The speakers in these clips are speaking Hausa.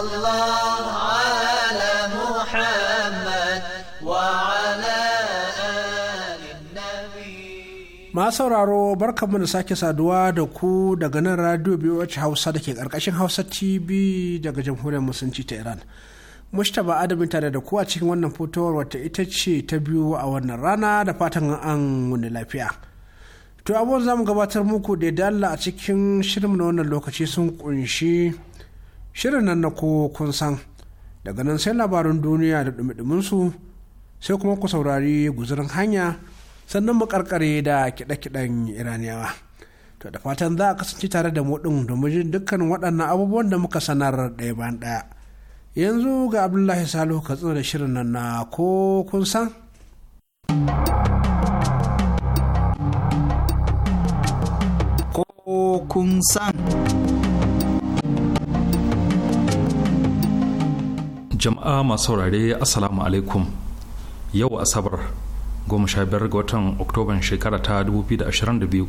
Ma sauraro barkanmu da sake saduwa da ku daga nan radio BOH Hausa da ke karkashin Hausa TV daga Jamhuriyar Musulunci ta Iran. ba Adamu tare da ku a cikin wannan fitowar wata ita ce ta biyu a wannan rana da fatan an wani lafiya. To abubuwan mu gabatar muku da dalla a cikin shirin na wannan lokaci sun kunshi shirin nan na ko kun san daga nan sai labarin duniya da dumi su sai kuma ku saurari guzurin hanya sannan mu karkare da kiɗe-kiɗen iraniyawa to da fatan za a kasance tare da mu domin jin dukkan waɗannan abubuwan da muka sanar ɗaya bayan ɗaya yanzu ga abdullahi salihu katsina da shirin nan na ko kun san ko kun san. jama'a masu saurare assalamu alaikum yau asabar goma sha biyar ga watan oktoban shekara ta 2022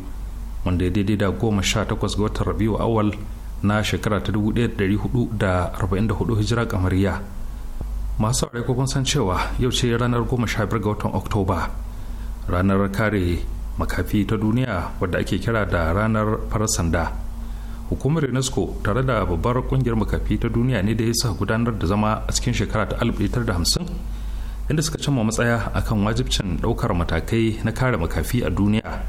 wanda ya daidai da goma sha takwas ga watan rabiu awal na shekara ta 1444 hijira kamariya masu saurare kun san cewa yau ce ranar goma sha biyar ga watan oktoba ranar kare makafi ta duniya wadda ake kira da ranar farasanda hukumar unesco tare da babbar kungiyar makafi ta duniya ne da ya sa gudanar da zama a cikin shekara ta da 1950 inda suka cimma matsaya a kan wajibcin daukar matakai na kare makafi a duniya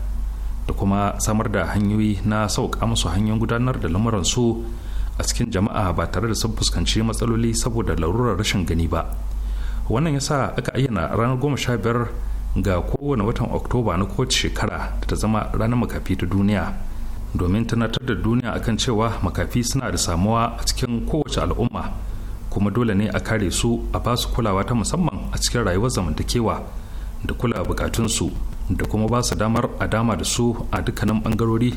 da kuma samar da hanyoyi na sauƙa musu hanyoyin gudanar da lamuransu a cikin jama'a ba tare da sun fuskanci matsaloli saboda larurar rashin gani ba wannan ya sa aka ayyana ranar goma sha biyar ga kowane watan oktoba na kowace shekara da ta zama ranar makafi ta duniya domin tunatar da duniya a kan cewa makafi suna da samuwa a cikin kowace al'umma kuma dole ne a kare su a ba su kulawa ta musamman a cikin rayuwar zamantakewa da kula bukatunsu da kuma ba su damar a dama da su a dukkanin bangarori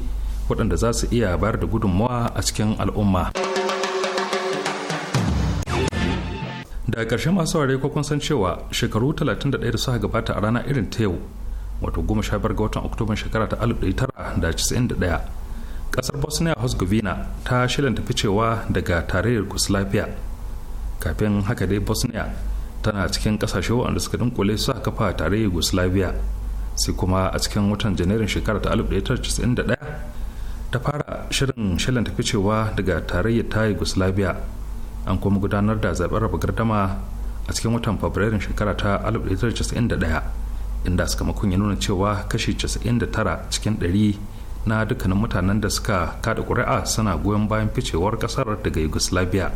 waɗanda za su iya bayar da gudunmawa a cikin al'umma. daga ƙarshe masu ware ko san cewa shekaru 31 da suka gabata a rana irin ta yau wato 15 ga watan oktoban shekara ta 1991 kasar bosnia herzegovina ta tafi ficewa daga tarayyar kuslafiya kafin haka dai bosnia tana cikin kasashe waɗanda suka dinkule su a kafa tare yugoslavia sai kuma a cikin watan janairun shekara ta 1991 ta fara shirin shirin tafi cewa daga tarayyar ta yugoslavia an kuma gudanar da zaɓen raba gardama a cikin watan fabrairun shekara ta 1991 inda sakamakon ya nuna cewa kashi 99 cikin 100 na dukkanin mutanen da suka kada ƙuri'a suna goyon bayan ficewar ƙasar daga yugoslavia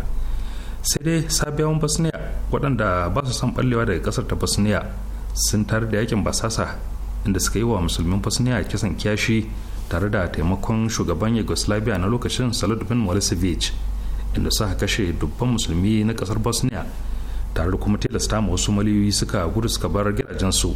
sai dai sabiyawan bosnia waɗanda ba su son ɓallewa daga ƙasar ta bosnia sun tare da yakin basasa inda suka yi wa musulmin bosnia kisan kyashi tare da taimakon shugaban yugoslavia na lokacin salud bin milosevic inda suka kashe dubban musulmi na ƙasar bosnia tare da kuma tilasta ma wasu maliyoyi suka gudu suka bar gidajensu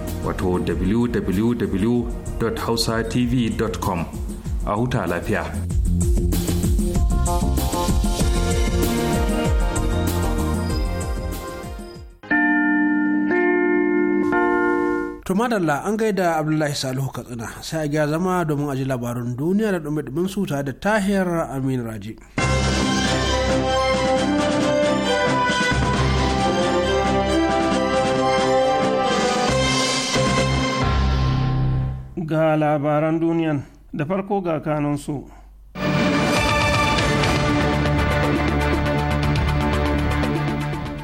wato www.hausatv.com a huta lafiya. Tumadalla an gaida Abdullahi Salihu Katsina sai a gya zama domin aji labarun duniya da dumi su tare da Tahir Amin Raji. ga labaran duniyan da farko ga kanunsu.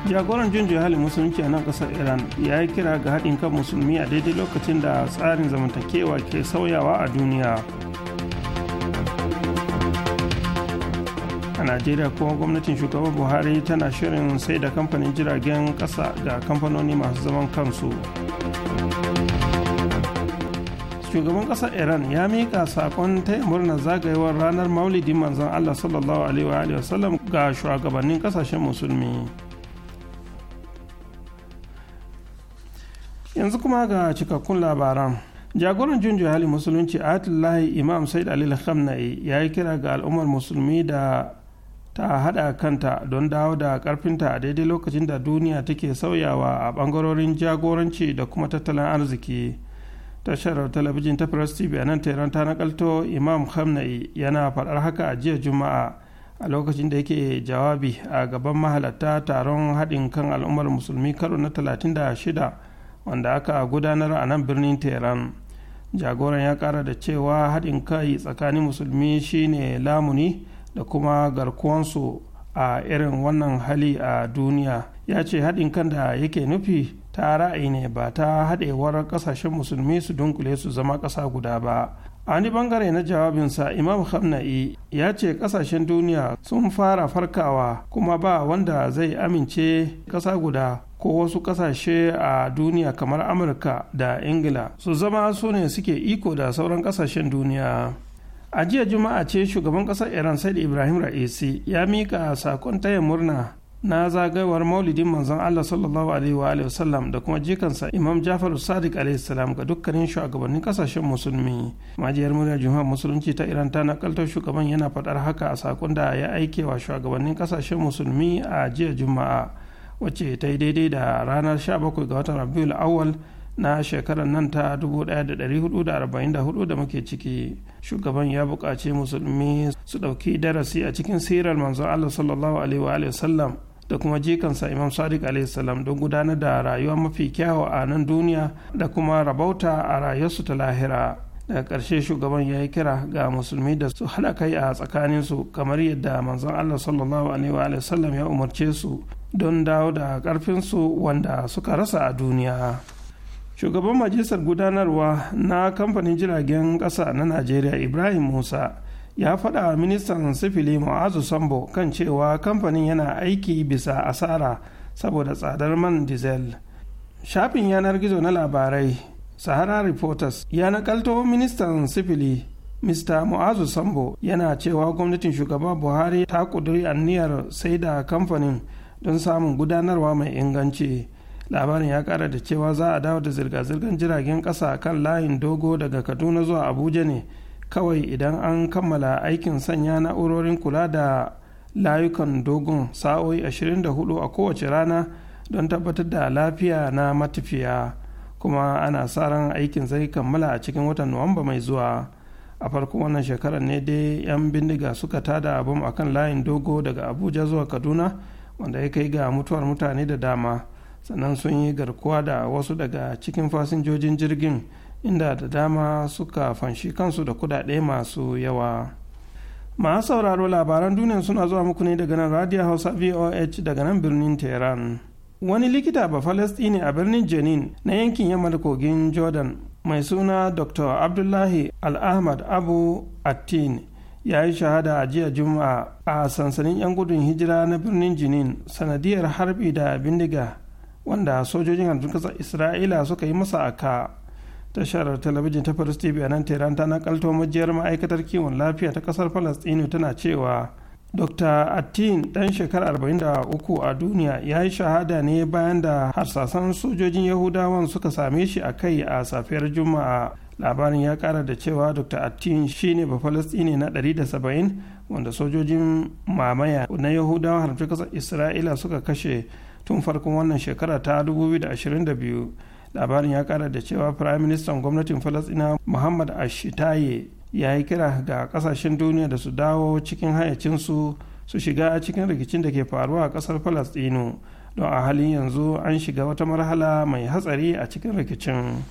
jagoran jin halin musulunci a nan kasar iran ya yi kira ga haɗin kan musulmi a daidai lokacin da tsarin zamantakewa ke sauyawa a duniya a najeriya kuma gwamnatin shugaban buhari tana shirin sai da kamfanin jiragen ƙasa ga kamfanoni masu zaman kansu shugaban kasar iran ya mika saƙon taya murnar zagayewar ranar maulidin manzon allah sallallahu alaihi wa sallam ga shugabannin kasashen musulmi yanzu kuma ga cikakkun labaran jagoran jun hali musulunci atullahi imam said alil khamnai ya yi kira ga al'ummar musulmi da ta hada kanta don dawo da karfinta a daidai lokacin da duniya take sauyawa a bangarorin jagoranci da kuma tattalin arziki tashar talabijin ta press tv a nan ta nakalto imam hamnai yana faɗar haka a jiya juma'a a lokacin da yake jawabi a gaban mahalatta taron haɗin kan al'ummar musulmi karo na 36 wanda aka gudanar a nan birnin tehran jagoran ya kara da cewa haɗin kai tsakanin musulmi shine lamuni da kuma garkuwansu a irin wannan hali a duniya ya ce haɗin kan da yake nufi ta ra'ayi ne ba ta haɗewar ƙasashen musulmi su dunkule su zama ƙasa guda ba a wani bangare na jawabinsa imam hamna'i ya ce ƙasashen duniya sun fara farkawa kuma ba wanda zai amince ƙasa guda ko wasu ƙasashe a duniya kamar amurka da ingila su zama su ne suke iko da sauran ƙasashen duniya a jiya juma'a ce shugaban ƙasar iran said ibrahim ra'isi ya mika sakon taya murna na zagayowar maulidin manzon Allah sallallahu alaihi wa sallam da kuma jikansa Imam Jafar Sadiq alaihi salam ga dukkanin shugabannin kasashen musulmi. Majiyar muryar Juma'a Musulunci ta Iran ta nakalta shugaban yana faɗar haka a sakon da ya aike wa shugabannin kasashen musulmi a jiya Juma'a wacce ta yi daidai da ranar 17 ga watan Rabiul Awwal na shekarar nan ta 1444 da muke ciki shugaban ya buƙaci musulmi su ɗauki darasi a cikin sirar manzon Allah sallallahu alaihi wa sallam da kuma jikansa imam sadiq salam don gudanar da rayuwa mafi kyawa a nan duniya da kuma rabauta a rayuwarsu ta lahira daga ƙarshe shugaban ya yi kira ga musulmi da su haɗa kai a tsakaninsu kamar yadda manzon allah sallallahu alaihi wa ya umarce su don dawo da ƙarfinsu wanda suka rasa a duniya shugaban majalisar gudanarwa na kamfanin jiragen ƙasa na najeriya ibrahim musa ya faɗa wa ministan sifili mu'azu sambo kan cewa kamfanin yana aiki bisa asara saboda tsadar man diesel shafin yanar gizo na labarai sahara reporters ya nakalto ministan sifili mr mu'azu sambo yana cewa gwamnatin shugaba buhari ta ƙuduri niyyar sai da kamfanin don samun gudanarwa mai inganci labarin ya kara da cewa za a dawo da zirga-zirgar jiragen ƙasa kan layin dogo daga kaduna zuwa abuja ne kawai idan an kammala aikin sanya na'urorin kula da layukan dogon sa'o'i 24 a kowace rana don tabbatar da lafiya na matafiya kuma ana sa ran aikin zai kammala a cikin watan nuwamba mai zuwa a farkon wannan shekarar ne dai 'yan bindiga suka tada a kan layin dogo daga abuja zuwa kaduna wanda ya kai ga mutuwar mutane da dama sannan sun yi garkuwa da wasu daga cikin fasinjojin jirgin inda da dama suka fanshi kansu da kudade masu yawa masu sauraro labaran duniya suna zuwa muku ne daga nan radio hausa voh daga nan birnin tehran wani likita ba falastini a birnin jenin na yankin yamma da kogin jordan mai suna dr abdullahi al-ahmad abu attin ya yi shahada a jiya juma'a a sansanin 'yan gudun hijira na birnin Jenin. sanadiyar harbi da bindiga wanda sojojin hantun kasar isra'ila suka yi masa aka tasharar talabijin ta first a nan tehran ta nakalto majiyar ma'aikatar kiwon lafiya ta kasar falastinu tana cewa dr Atin, dan shekara 43 a duniya ya yi shahada ne bayan da harsasan sojojin yahudawan suka same shi a kai a safiyar juma'a labarin ya kara da cewa dr attin shine bafalastini na 170 wanda sojojin mamaya na yahudawan harfi kasar isra'ila suka kashe tun farkon wannan shekara ta 2022 labarin ya kara da cewa prime minister gwamnatin falasina muhammad ashitaye ya yi kira ga kasashen duniya da su dawo cikin hayacinsu su shiga cikin rikicin da ke faruwa a kasar falastinu don a halin yanzu an shiga wata marhala mai hatsari a cikin rikicin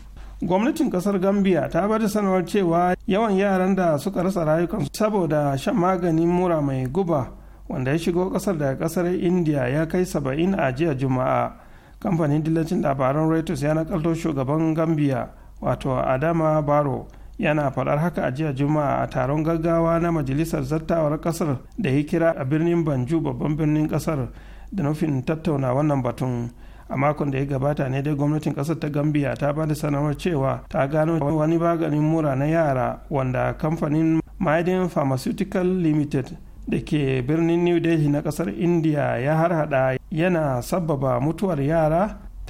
gwamnatin kasar gambia ta ba da sanarwar cewa yawan yaran da suka rasa rayukansu saboda shan maganin mura mai guba wanda ya shigo kasar daga kasar india ya kai saba'in a jiya juma'a kamfanin dillacin labaran reuters ya nakalto shugaban gambia wato adama baro yana faɗar haka a jiya juma'a a taron gaggawa na majalisar zattawar ƙasar da ya kira a birnin banju babban birnin ƙasar da nufin tattauna wannan batun a makon da ya gabata ne dai gwamnatin kasar ta gambia ta ba da sanarwar cewa ta gano wani maganin mura na yara wanda kamfanin maiden pharmaceutical limited da ke birnin new delhi na kasar india ya harhaɗa yana sabbaba mutuwar yara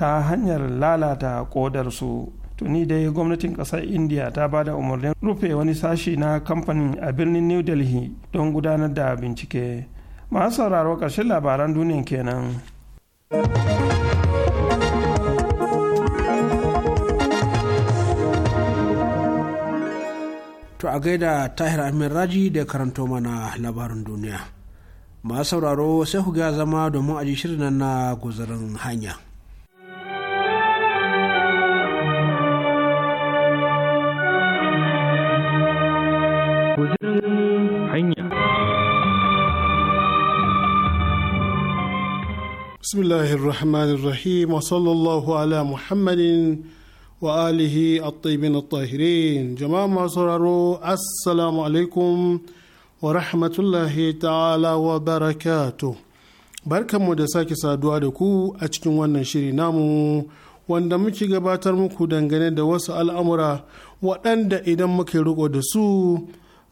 ta hanyar lalata kodarsu tuni dai gwamnatin kasar india ta ba da umarnin rufe wani sashi na kamfanin a birnin new delhi don gudanar da bincike masu sauraro ƙarshen labaran duniya kenan. To a gaida Tahir Amin Raji da karanto mana labarin duniya. Masu sauraro sai ku ga zama domin aji shirin nan na guzarin hanya. Guzarin hanya. Bismillahirrahmanirrahim wa sallallahu ala Muhammadin wa alihi at-tayyibin at-tahirin jama'a masu sauraro assalamu alaikum wa rahmatullahi ta'ala wa barakatuh barkanmu da sake saduwa da ku a cikin wannan shiri namu wanda muke gabatar muku dangane da wasu al'amura waɗanda idan muke riko da su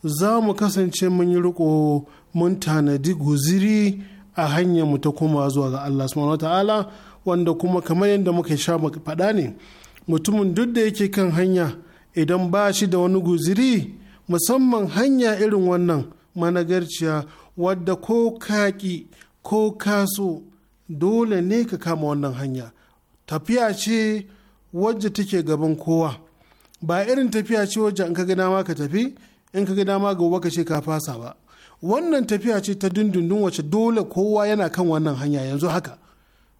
za mu kasance mun yi riko mun tanadi guziri a hanyar mu ta koma zuwa ga Allah subhanahu ta'ala wanda kuma kamar yadda muka sha faɗa ne mutumin duk da yake kan hanya idan ba shi da wani guziri musamman hanya irin wannan managarciya wadda ko kaki ko kaso dole ne ka kama wannan hanya tafiya ce wajen take gaban kowa ba irin tafiya ce wajen in ka gina ma ka tafi in ka gina dama gobe ka ce ka fasa ba wannan tafiya ce ta dindindin wacce dole kowa yana kan wannan hanya yanzu haka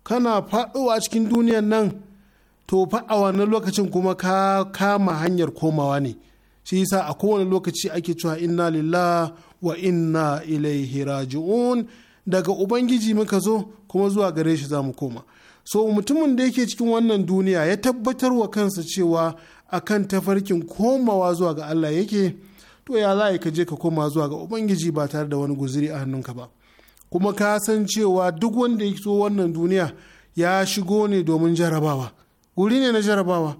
kana faɗowa cikin duniyan nan to fa a wannan lokacin kuma ka kama hanyar komawa ne shi yasa a kowane lokaci ake cewa inna lillah wa inna ilaihi raji'un daga ubangiji muka zo kuma zuwa gare shi za mu koma so mutumin da yake cikin wannan duniya ya tabbatar wa kansa cewa akan tafarkin komawa zuwa ga Allah yake to ya za ka je ka koma zuwa ga ubangiji ba tare da wani guziri a hannunka ba kuma ka san cewa duk wanda ya so wannan duniya ya shigo ne domin jarabawa guri ne na jarabawa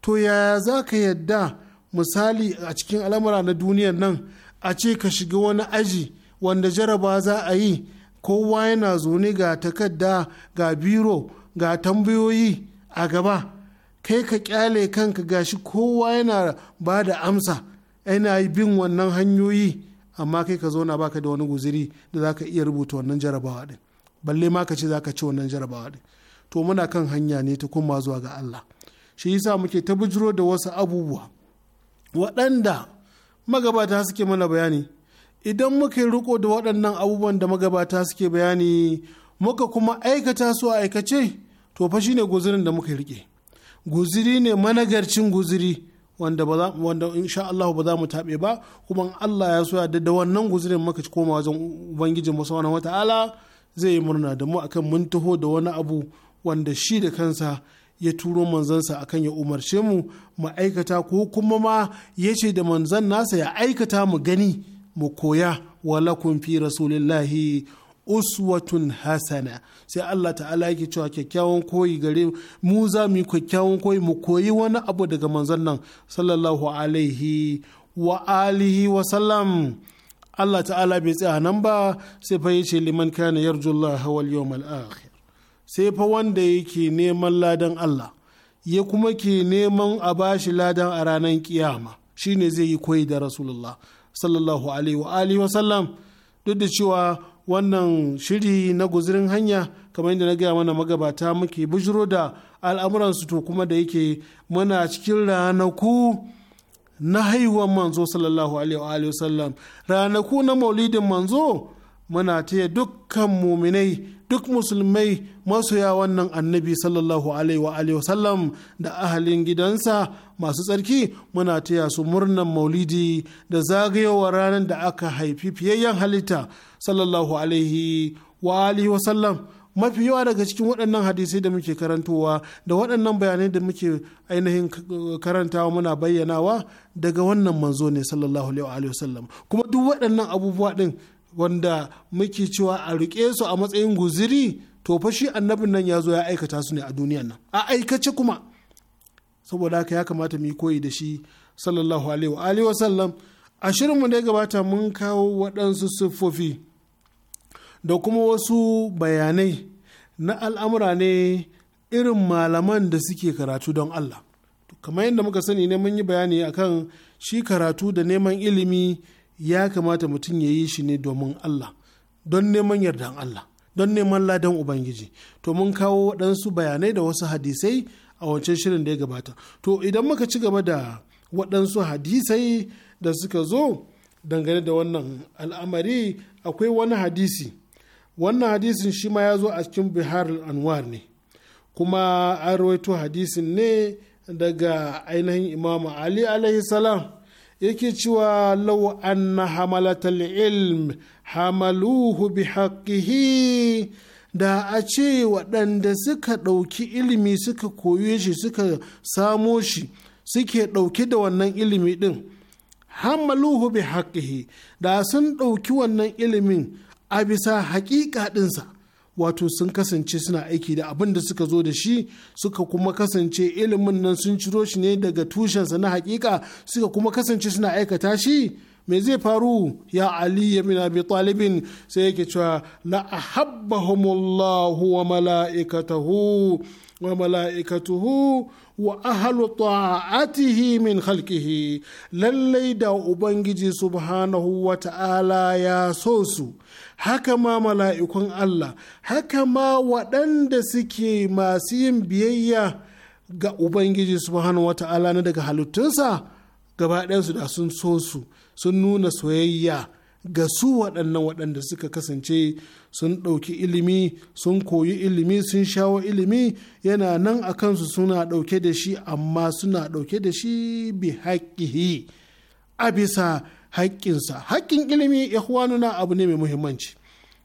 to yaya za ka yadda misali a cikin al'amura na duniyar nan a ce ka shiga wani aji wanda jaraba za a yi kowa yana zone ga takadda ga biro ga tambayoyi a gaba kai ka kyale kanka gashi kowa yana ba da amsa yana bin wannan hanyoyi amma kai ka zauna baka da wani guziri da za ka iya rubuta wannan jarabawa din balle ma ka ce za ka ci wannan jarabawa din to muna kan hanya ne ta kuma zuwa ga Allah shi yasa muke ta bujiro da wasu abubuwa waɗanda magabata suke mana bayani idan muka yi riko da waɗannan abubuwan da magabata suke bayani muka kuma aikata su a aikace to fa shine guzurin da muka rike guziri ne managarcin guziri wanda ba wanda insha Allah ba za mu taɓe ba kuma Allah ya so da wannan guzurin muka koma wajen ubangijin mu subhanahu wataala zai yi murna da mu akan mun taho da wani abu wanda shi da kansa ya turo manzansa akan ya umarce mu mu aikata ko kuma ma ya ce da manzan nasa ya aikata mu gani mu koya walakun fi rasulillahi uswatun hasana sai Allah ta'ala yake cewa kyakkyawan koyi gare mu za mu kyakkyawan koyi mu koyi wani abu daga manzan nan sallallahu alaihi wa alihi wa sallam Allah ta'ala bai tsaya nan ba sai fa yace liman kana yarjullaha wal yawmal akhir sai fa wanda yake neman ladan Allah ya kuma ke neman a ba shi ladan a ranar kiyama shine zai yi koyi da rasulullah sallallahu alaihi wa wa sallam duk da cewa wannan shiri na guzirin hanya kamar yadda na gaya mana magabata muke bujiro da al'amuransu to kuma da yake muna cikin ranaku na haihuwar manzo sallallahu alaihi wa sallam ranaku na maulidin manzo muna taya dukkan muminai duk musulmai masoya wannan annabi sallallahu alaihi wa da ahalin gidansa masu tsarki muna taya su murnan maulidi da zagayowar ranar da aka haifi fiyayyen halitta sallallahu alaihi wa mafi yawa daga cikin waɗannan hadisai da muke karantowa da waɗannan bayanai da muke ainihin karantawa muna bayyanawa daga wannan manzo ne sallallahu alaihi wa sallam kuma duk waɗannan abubuwa ɗin wanda muke cewa a riƙe su a matsayin guziri to fa shi annabin nan ya zo ya aikata su ne a duniyan nan a aikace kuma saboda haka ya kamata mu yi koyi da shi sallallahu alaihi wa sallam a shirinmu da ya gabata mun kawo waɗansu siffofi da kuma wasu bayanai na al'amura ne irin malaman da suke karatu don Allah kamar yadda muka sani ne mun yi bayani akan shi karatu da neman ilimi ya kamata mutum ya yi shi ne domin Allah don neman yardan Allah don neman ladan Ubangiji to mun kawo waɗansu bayanai da wasu hadisai a wancan shirin da ya gabata to idan muka ci gaba da waɗansu hadisai da suka zo dangane da wannan al'amari akwai wani hadisi wannan hadisin shi ma ya zo a cikin bihar anwar ne kuma an rawaito hadisin ne daga ainihin imamu ali alaihi salam yake cewa law na hamalatal ilm hamaluhu bi haqqihi da a ce waɗanda suka ɗauki ilimi suka koyo shi suka samo shi suke ɗauki da wannan ilimi ɗin hamaluhu bi haqqihi da sun ɗauki wannan ilimin a bisa haƙiƙa ɗinsa wato sun kasance suna aiki da abin da suka zo da shi suka kuma kasance ilimin nan sun ciro shi ne daga tushensa na hakika suka kuma kasance suna aikata shi mai zai faru ya ali ya min abi talibin sai yake cewa la ahabbahumullahu wa mala'ikatahu wa mala'ikatuhu wa ahalu ta'atihi min khalqihi lallai da ubangiji subhanahu wa ta'ala ya so su haka ma mala'ikun Allah haka ma waɗanda suke masu yin biyayya ga Ubangiji subhanahu wata'ala na daga halittunsa gaba da sun so su sun nuna soyayya ga su waɗannan waɗanda suka kasance sun ɗauki ilimi sun koyi ilimi sun shawo ilimi yana nan a kansu suna ɗauke da shi amma suna ɗauke da shi bi haƙƙihi a bisa haƙƙinsa haƙƙin ilimi na abu ne mai muhimmanci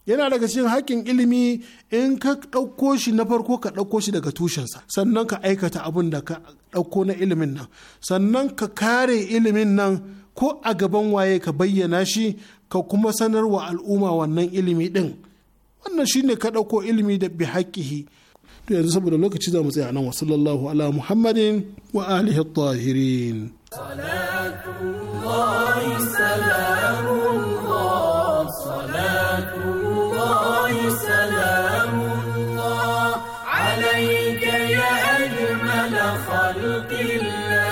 yana daga cikin haƙƙin ilimi in ka ɗauko shi na farko ka ɗauko shi daga tushensa sannan ka aikata abin da ka ɗauko na ilimin nan sannan ka kare ilimin nan ko a gaban waye ka bayyana shi ka kuma sanar wa al'umma wannan ilimi ɗin wannan shine ka ɗauko ilimi da bi haƙƙihi to yanzu saboda lokaci za mu tsaya nan wa sallallahu ala muhammadin wa alihi tahirin صلاة الله سلام الله صلاة الله سلام الله عليك يا أجمل خلق الله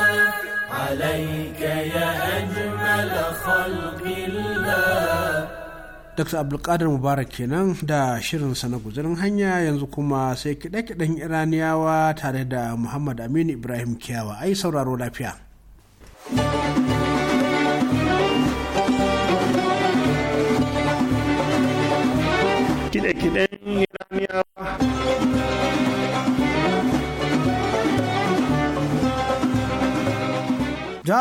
عليك يا أجمل خلق الله Dr. Abdulkadir Mubarak kenan da shirinsa na guzurin hanya yanzu kuma sai kiɗe-kiɗen Iraniyawa tare da Muhammad Aminu Ibrahim Kiyawa ai sauraro lafiya. kide kiɗen Iraniyawa.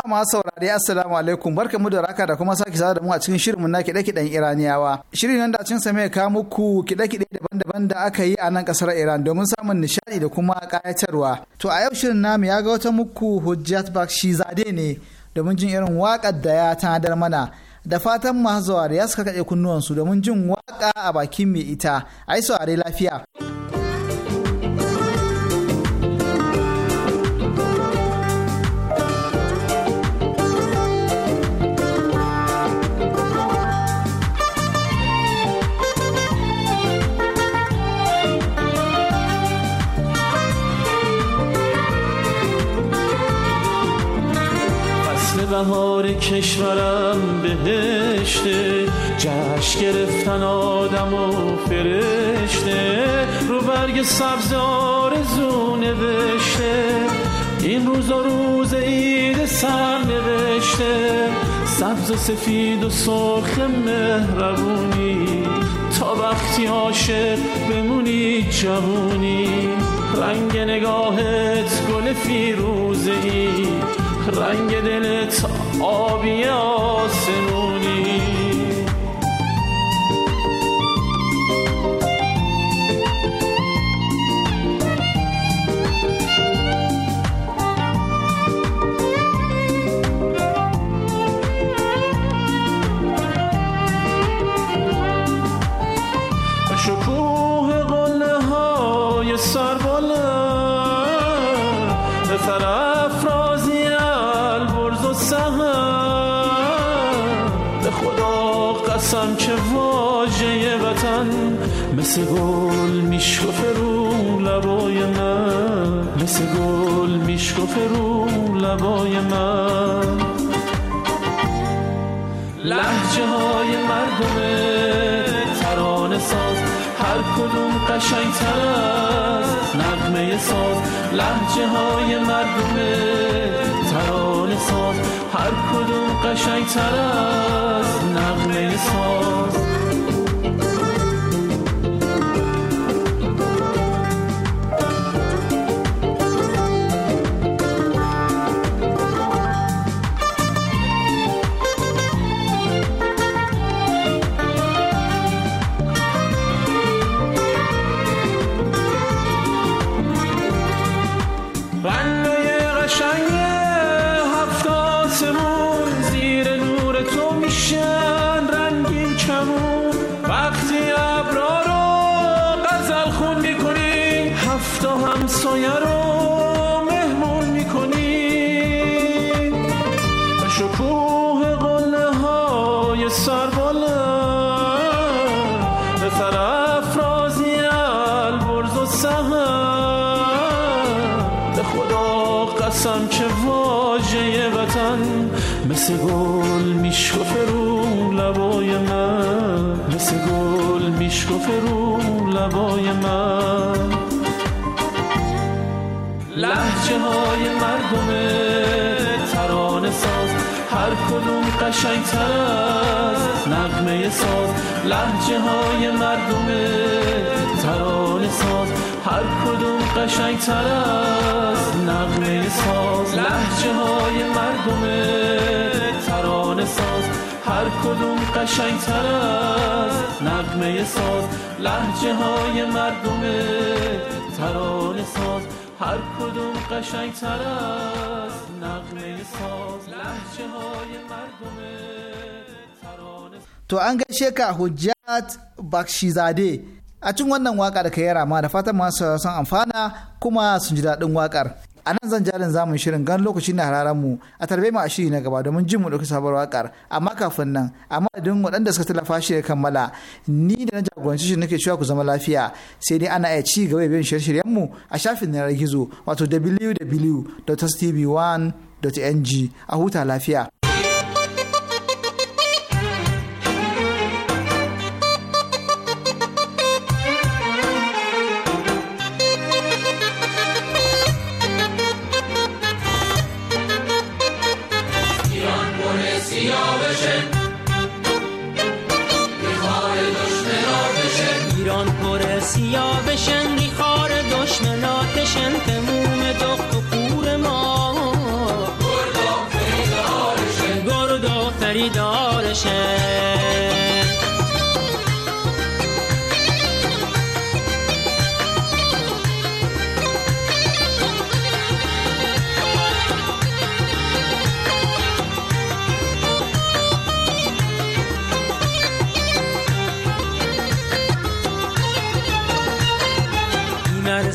masu saurari assalamu alaikum barka mu da raka da kuma sake sada mu a cikin shirinmu na kiɗe-kiɗen iraniyawa shirin nan da cin sa mai kawo muku kiɗe-kiɗe daban-daban da aka yi a nan ƙasar iran domin samun nishaɗi da kuma ƙayatarwa to a yau shirin namu ya ga wata muku hujjat bakshi zade ne domin jin irin waƙar da ya tanadar mana da fatan masu da ya suka kaɗe kunnuwansu domin jin waƙa a bakin mai ita ai saurari lafiya. بهار کشورم بهشته جشن گرفتن آدم و فرشته رو برگ سبز آرزو نوشته این روز و روز عید سر نوشته سبز و سفید و سرخ مهربونی تا وقتی عاشق بمونی جوونی رنگ نگاهت گل فیروزه ای رنگ دلت آبی آسمونی شکوه قله های سرباله مثل گل میشکفه رو لبای من مثل گل میشکف رو لبای من لحجه های مردم ترانه ساز هر کدوم قشنگ تر است نغمه ساز لحجه های مردم ترانه ساز هر کدوم قشنگ تر است نغمه ساز مثل گل میشکفه رو لبای من مثل گل میشکف رو لبای من لحجه های مردم تران ساز هر کدوم قشنگ تر از نغمه ساز لحجه های مردم تران ساز هر کدوم قشنگ تر از نقمه ساز لحجه های مردم ترانه ساز هر کدوم قشنگ تر از نقمه ساز لحجه های مردم ترانه ساز هر کدوم قشنگ تر از نقمه ساز لحجه های مردم ترانه تو انگشه که حجت hujjat a cin wannan waka da ka yi rama da fatan masu sun amfana kuma sun ji daɗin wakar a nan zan jarin zamun shirin gan lokaci na hararen mu a tarbe mu a shiri na gaba domin jin mu ɗauki sabuwar wakar amma kafin nan a madadin waɗanda suka tallafa shi ya kammala ni da na jagoranci shi nake cewa ku zama lafiya sai dai ana iya ci gaba da bin shirye-shiryen mu a shafin yanar gizo wato www.tv1.ng a huta lafiya.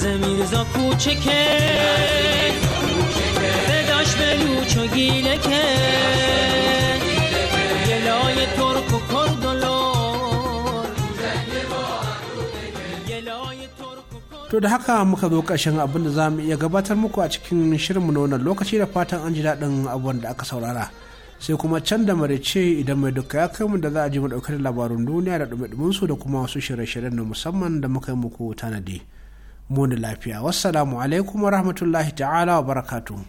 نظم میرزا کوچکه بداش لوچ و گیله که گلای ترک و کرد و To da haka muka zo ƙarshen abin da za mu iya gabatar muku a cikin shirinmu na wannan lokaci da fatan an ji daɗin abubuwan da aka saurara. sai kuma can da marice idan mai duka ya kai mu da za a ji mu ɗauke da labarun duniya da ɗume su da kuma wasu shirye-shiryen na musamman da muka yi muku tanadi. mu da lafiya wassalamu alaikum wa rahmatullahi ta'ala wa barakatuhu